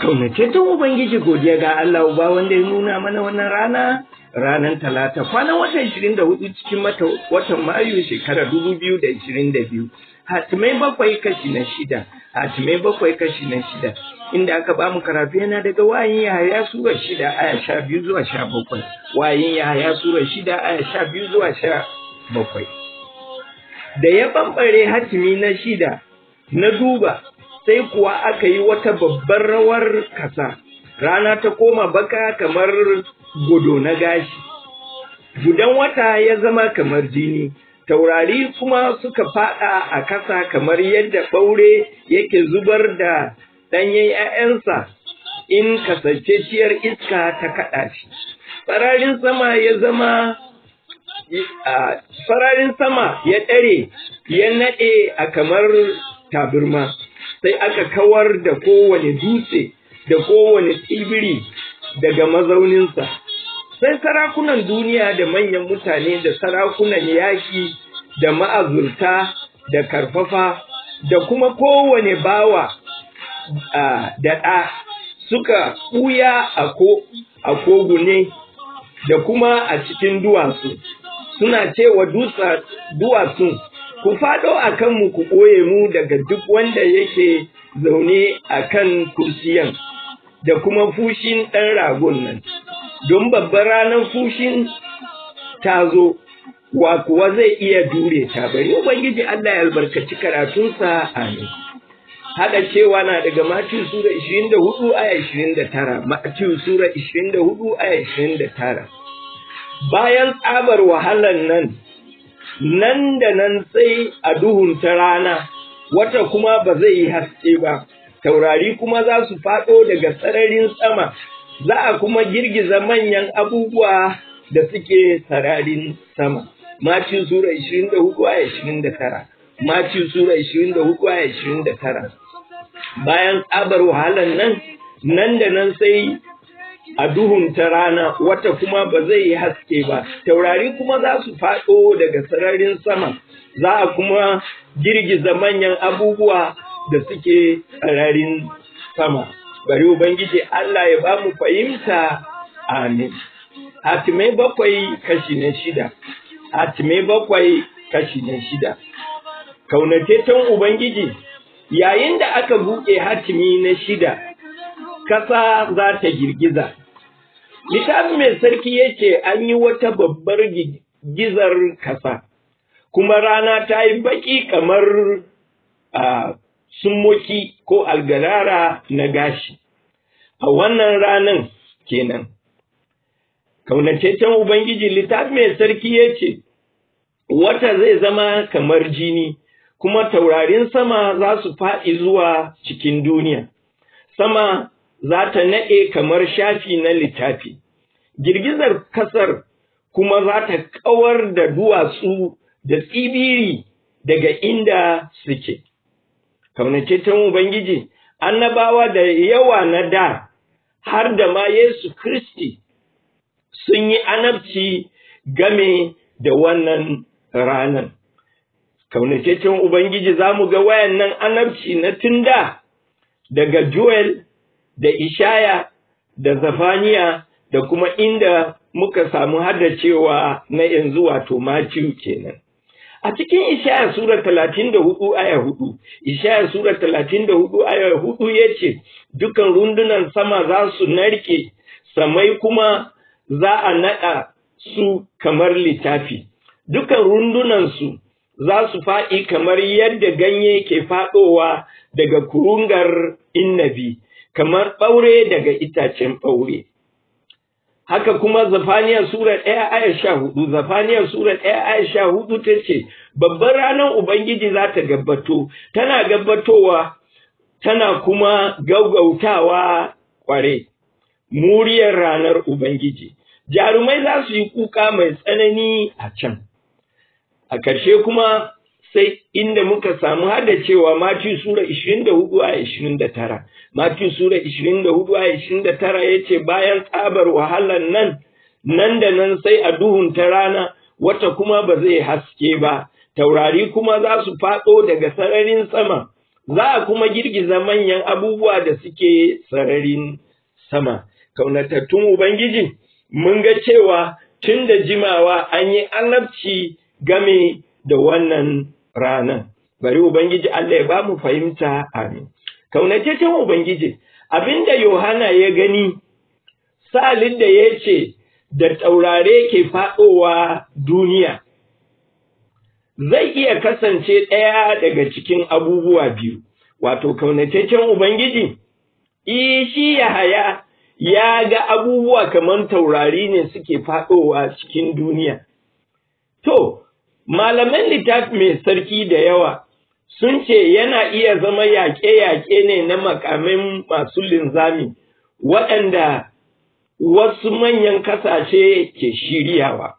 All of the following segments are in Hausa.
Kaunataccen Ubangiji godiya ga Allah Uba wanda ya nuna mana wannan rana ranar talata kwanan watan 24 cikin watan Mayu shekarar 2022 hatimai bakwai kashi na shida hatimai bakwai kashi na shida inda aka ba mu karatu yana daga wayin yahaya sura shida aya sha biyu zuwa sha bakwai wayin yahaya sura shida aya sha biyu zuwa sha bakwai da ya bambare hatimi na shida na duba sai kuwa aka yi wata babbar rawar kasa rana ta koma baka kamar godo na gashi gudan wata ya zama kamar jini taurari kuma suka fada a kasa kamar yadda ɓaure yake zubar da ɗanyen 'ya'yansa in kasanceciyar iska ta kaɗa shi sararin sama ya zama sararin sama ya ɗare ya naɗe a kamar tabirma sai aka kawar da kowane dutse da kowane tsibiri daga mazauninsa sai sarakunan duniya da manyan mutane da sarakunan yaƙi da ma'azurta da karfafa da kuma kowane bawa da ɗa suka ɓuya a kogune da kuma a cikin duwatsu suna cewa duwatsun ku faɗo a kanmu ku ɓoye mu daga duk wanda yake zaune a kan kursiyan da kuma fushin ɗan ragon nan, don babbar ranar fushin ta zo, wa kuwa zai iya dure ta bari Ubangiji Allah ya albarkaci karatunsa amin. Haɗa cewa na daga Matiyu Sura 24 aya 29, Matiyu Sura 24 aya 29. Bayan tsabar wahalan nan, nan da nan sai a duhun ta rana wata kuma ba zai yi haske ba taurari kuma za su faɗo daga sararin sama za a kuma girgiza manyan abubuwa da suke sararin sama Maci Sura 24 29 Maci Sura 24 29 bayan tsabar wahalan nan nan da nan sai a duhun ta rana wata kuma ba zai yi haske ba taurari kuma za su faɗo daga sararin sama za a kuma girgiza manyan abubuwa da suke sararin sama bari ubangiji Allah ya ba mu fahimta amin hatimai bakwai kashi na shida hatimai bakwai kashi na shida kaunateton ubangiji yayin da aka buɗe hatimi na shida ƙasa za ta girgiza littafin mai sarki ya ce an yi wata babbar gizar kasa kuma rana ta yi baki kamar sumoki ko algarara na gashi a wannan ranan kenan kaunataccen ubangiji littafin mai sarki ya ce wata zai zama kamar jini kuma taurarin sama za su faɗi zuwa cikin duniya sama za ta naɗe kamar shafi na littafi, girgizar kasar kuma za ta kawar da duwatsu da tsibiri daga inda suke. Kaunataccen Ubangiji, annabawa da yawa na da har da ma Yesu kristi sun yi anabci game da wannan ranan Kaunataccen Ubangiji za mu ga wayannan anabci na tunda daga Joel da ishaya da zafaniya da kuma inda muka samu hada cewa na yanzu wato maciyu kenan a cikin ishaya sura talatin da hudu aya hudu ishaya sura talatin da hudu aya hudu ya ce dukan rundunan sama za su narke samai kuma za a naɗa su kamar littafi dukan su za su faɗi kamar yadda ganye ke faɗowa daga kurungar inabi. kamar ɓaure daga itacen ɓaure. Haka kuma Zafaniya Sura ɗaya aya sha hudu, Zafaniya Sura ɗaya aya sha hudu ta ce, babban ranar Ubangiji za ta gabbato, tana gabbatowa, tana kuma gaugautawa kware, muriyar ranar Ubangiji. Jarumai za su yi kuka mai tsanani a can. A ƙarshe kuma sai inda muka samu har da cewa Matthew Sura 24 a 29. Matthew Sura 24 a 29 ya ce bayan tsabar wahalar nan, nan da nan sai a duhun ta rana wata kuma ba zai haske ba, taurari kuma za su faɗo daga sararin sama, za a kuma girgiza manyan abubuwa da suke sararin sama. Kaunatattun Ubangiji, mun ga cewa tun da jimawa an yi annabci game da wannan ranan bari ubangiji Allah ya ba mu fahimta amin kaunataccen ubangiji abinda yohana ya gani salin da ya ce da taurare ke faɗowa duniya zai iya kasance ɗaya daga cikin abubuwa biyu wato kaunataccen ubangiji ishi haya ya ga abubuwa kamar taurari ne suke faɗowa cikin duniya to Malaman littafi mai sarki da yawa sun ce yana iya zama yaƙe-yaƙe ne na makamin masu linzami waɗanda wasu manyan kasashe ke shiryawa.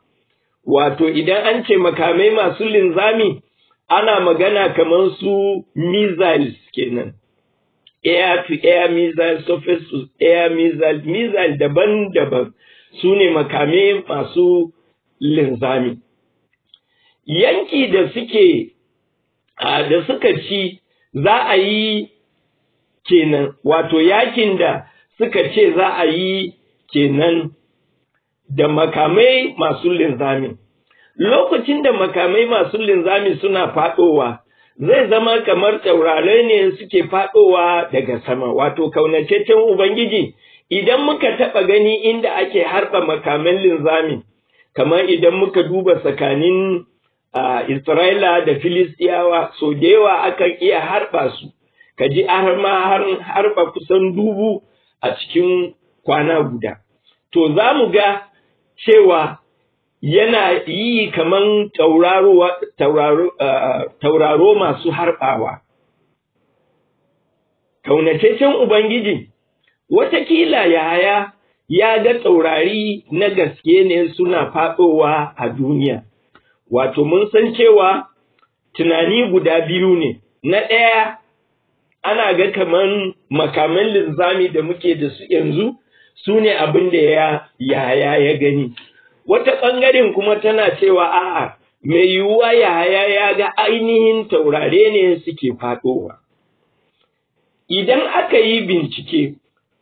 Wato idan an ce makamai masu linzami ana magana kamar su missiles kenan. Air to air missiles, surface to air missiles, missile daban-daban su ne makamai masu linzami. yanki da suke da suka ci za a yi kenan wato yakin da suka ce za a yi kenan da makamai masu linzami lokacin da makamai masu linzami suna fadowa zai zama kamar taurarai ne suke fadowa daga sama wato kaunaceccen ubangiji idan muka taɓa gani inda ake harba makaman linzami kamar idan muka duba tsakanin a Isra'ila da Filistiyawa so da yawa akan iya harba su kaji ji har ma har harba kusan dubu a cikin kwana guda to za mu ga cewa yana yi kaman tauraro, tauraro, uh, tauraro masu harbawa kaunataccen Ubangiji, watakila yaya ya ga taurari na gaske ne suna faɗowa a duniya, wato mun san cewa tunani guda biyu ne na ɗaya ana ga kaman makaman linzami da muke da su yanzu su ne abin da ya yaya ya gani wata ɓangaren kuma tana cewa a'a mai yiwuwa yaya ya ga ainihin taurare ne suke faɗowa idan aka yi bincike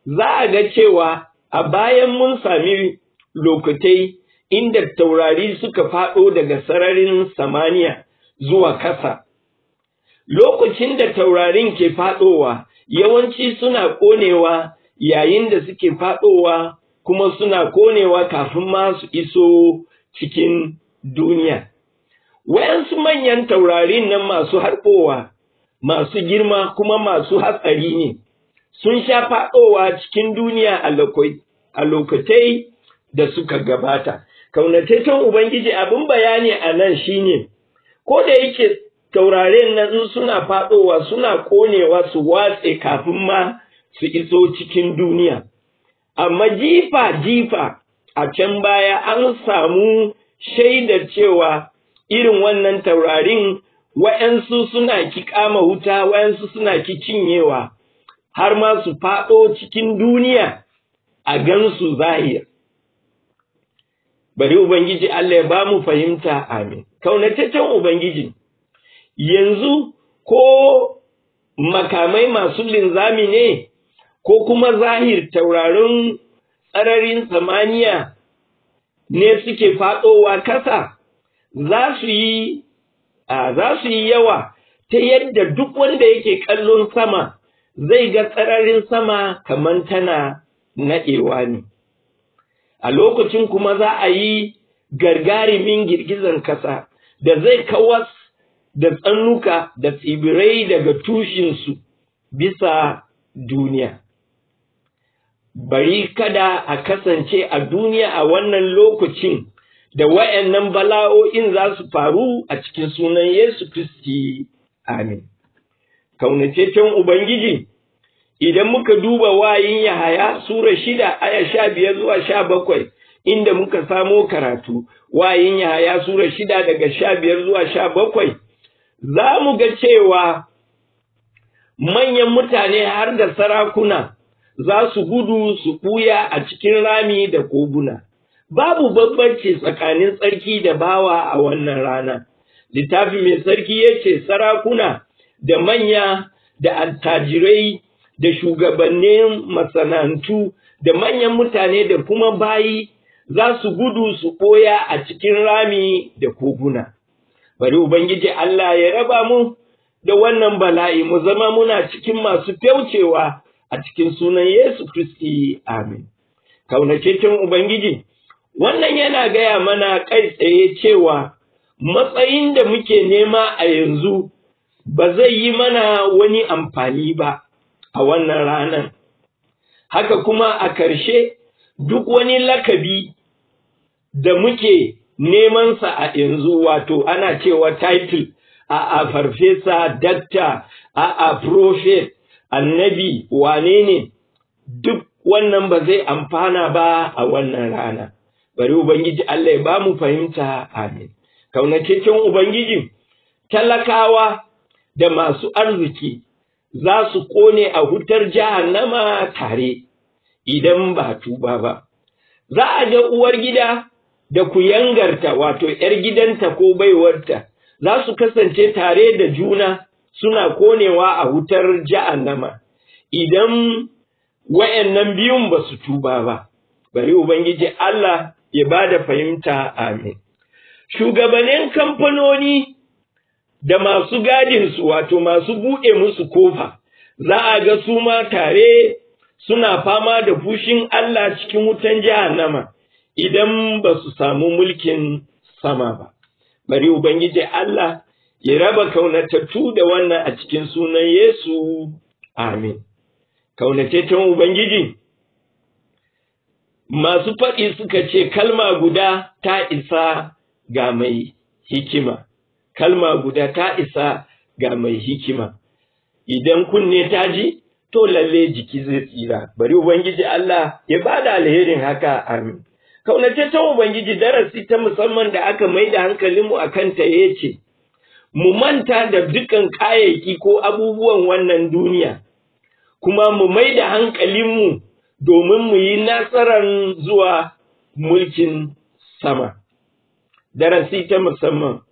za a ga cewa a bayan mun sami lokutai inda taurari suka faɗo daga sararin samaniya zuwa kasa. Lokacin da taurarin ke faɗowa, yawanci suna ƙonewa yayin da suke faɗowa kuma suna ƙonewa kafin ma su iso cikin duniya. Wayansu manyan taurarin nan masu harkowa, masu girma kuma masu hatsari ne, sun sha faɗowa cikin duniya a lokatai da suka gabata. kaunataccen ubangiji abin bayani a nan shine ko da yake taurarin nan suna fadowa suna konewa su watse kafin ma su iso cikin duniya amma jifa jifa a can baya an samu shaidar cewa irin wannan taurarin wa'yansu suna ki kama wuta wa'yansu suna ki cinyewa har ma su faɗo cikin duniya a gansu zahir bari ubangiji Allah ya ba mu fahimta amin kaunataccen ubangiji yanzu ko makamai masu linzami ne ko kuma zahir tauraron tsararin samaniya ne suke faɗowa kasa za su yi za su yi yawa ta yadda duk wanda yake kallon sama zai ga tsararin sama kamar tana naɗewa ne. a lokacin kuma za a yi gargarimin girgizan kasa da zai kawas da tsannuka da tsibirai daga tushinsu bisa duniya. Bari kada a kasance a duniya a wannan lokacin da wa'yannan bala'o'in za su faru a cikin sunan Yesu Kristi. Amin. Kaunataccen Ubangiji, idan muka duba wayin Yahaya Sura shida aya sha zuwa sha bakwai inda muka samo karatu wayin Yahaya Sura shida daga sha biyar zuwa sha bakwai za mu ga cewa manyan mutane har da sarakuna za su gudu su ɓuya a cikin rami da koguna. Babu bambanci tsakanin tsarki da bawa a wannan rana. Littafi mai sarki ya ce sarakuna da manya da attajirai da shugabannin masana'antu da manyan mutane da kuma bayi za su gudu su ɓoya a cikin rami da koguna. Bari Ubangiji Allah ya raba mu da wannan bala'i mu zama muna cikin masu fyaucewa a cikin sunan Yesu Kristi, Amin. Kaunataccen Ubangiji, wannan yana gaya mana kai tsaye cewa matsayin da muke nema a yanzu ba zai yi mana wani amfani ba. a wannan ranar. Haka kuma a ƙarshe duk wani lakabi da muke neman sa a yanzu wato ana cewa title a a farfesa dakta a a prophet annabi wane ne duk wannan ba zai amfana ba a wannan rana bari ubangiji Allah ya ba mu fahimta amin kaunataccen ubangiji talakawa da masu arziki za su kone a hutar jahannama tare idan ba tuba ba za a ga uwar gida da ku yangarta wato ‘yar gidanta ko baiwarta za su kasance tare da juna suna konewa a wutar nama idan wa'yannan biyun ba su tuba ba, bari Ubangiji Allah ya ba da fahimta amin. Shugabannin kamfanoni da masu gadinsu wato masu buɗe musu kofa, za a ga su ma tare suna fama da fushin Allah cikin wutan jahannama idan ba su samu mulkin sama ba. Bari Ubangiji Allah ya raba kaunatattu da wannan a cikin sunan Yesu, Amin. Kaunatattun Ubangiji, masu faɗi suka ce kalma guda ta isa ga mai hikima. kalma guda ta isa ga mai hikima idan kunne ta ji to lalle jiki zai tsira bari ubangiji Allah ya bada alherin haka amin ta ubangiji darasi ta musamman da aka mai da hankalinmu a kanta ya ce mu manta da dukkan kayayyaki ko abubuwan wannan duniya kuma mu mai da hankalinmu domin mu yi nasarar zuwa mulkin sama darasi ta musamman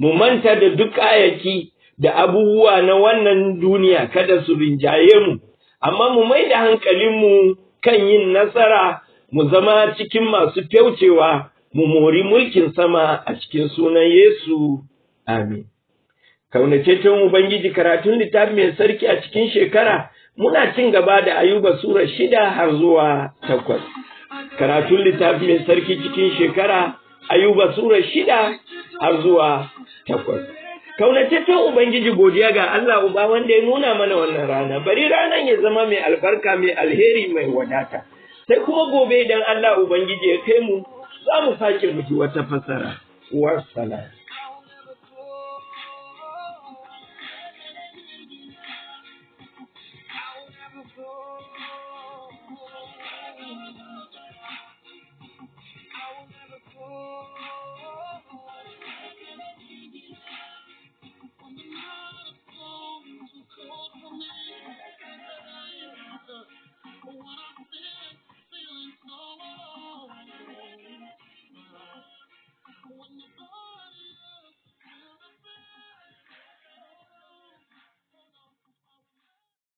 mu manta da duk ayaki da abubuwa na wannan duniya kada su rinjaye mu amma mu mai da hankalinmu kan yin nasara mu zama cikin masu fyaucewa mu mori mulkin sama a cikin sunan Yesu amin kaunataccen ubangiji karatun littafi mai sarki a cikin shekara muna cin gaba da ayuba sura shida har zuwa takwas karatun littafi mai sarki cikin shekara ayuba sura shida har zuwa takwas kaunataccen ubangiji godiya ga Allah uba wanda ya nuna mana wannan rana bari ranan ya zama mai albarka mai alheri mai wadata sai kuma gobe idan Allah ubangiji ya kai mu za mu sake mu ji wata fasara wassalam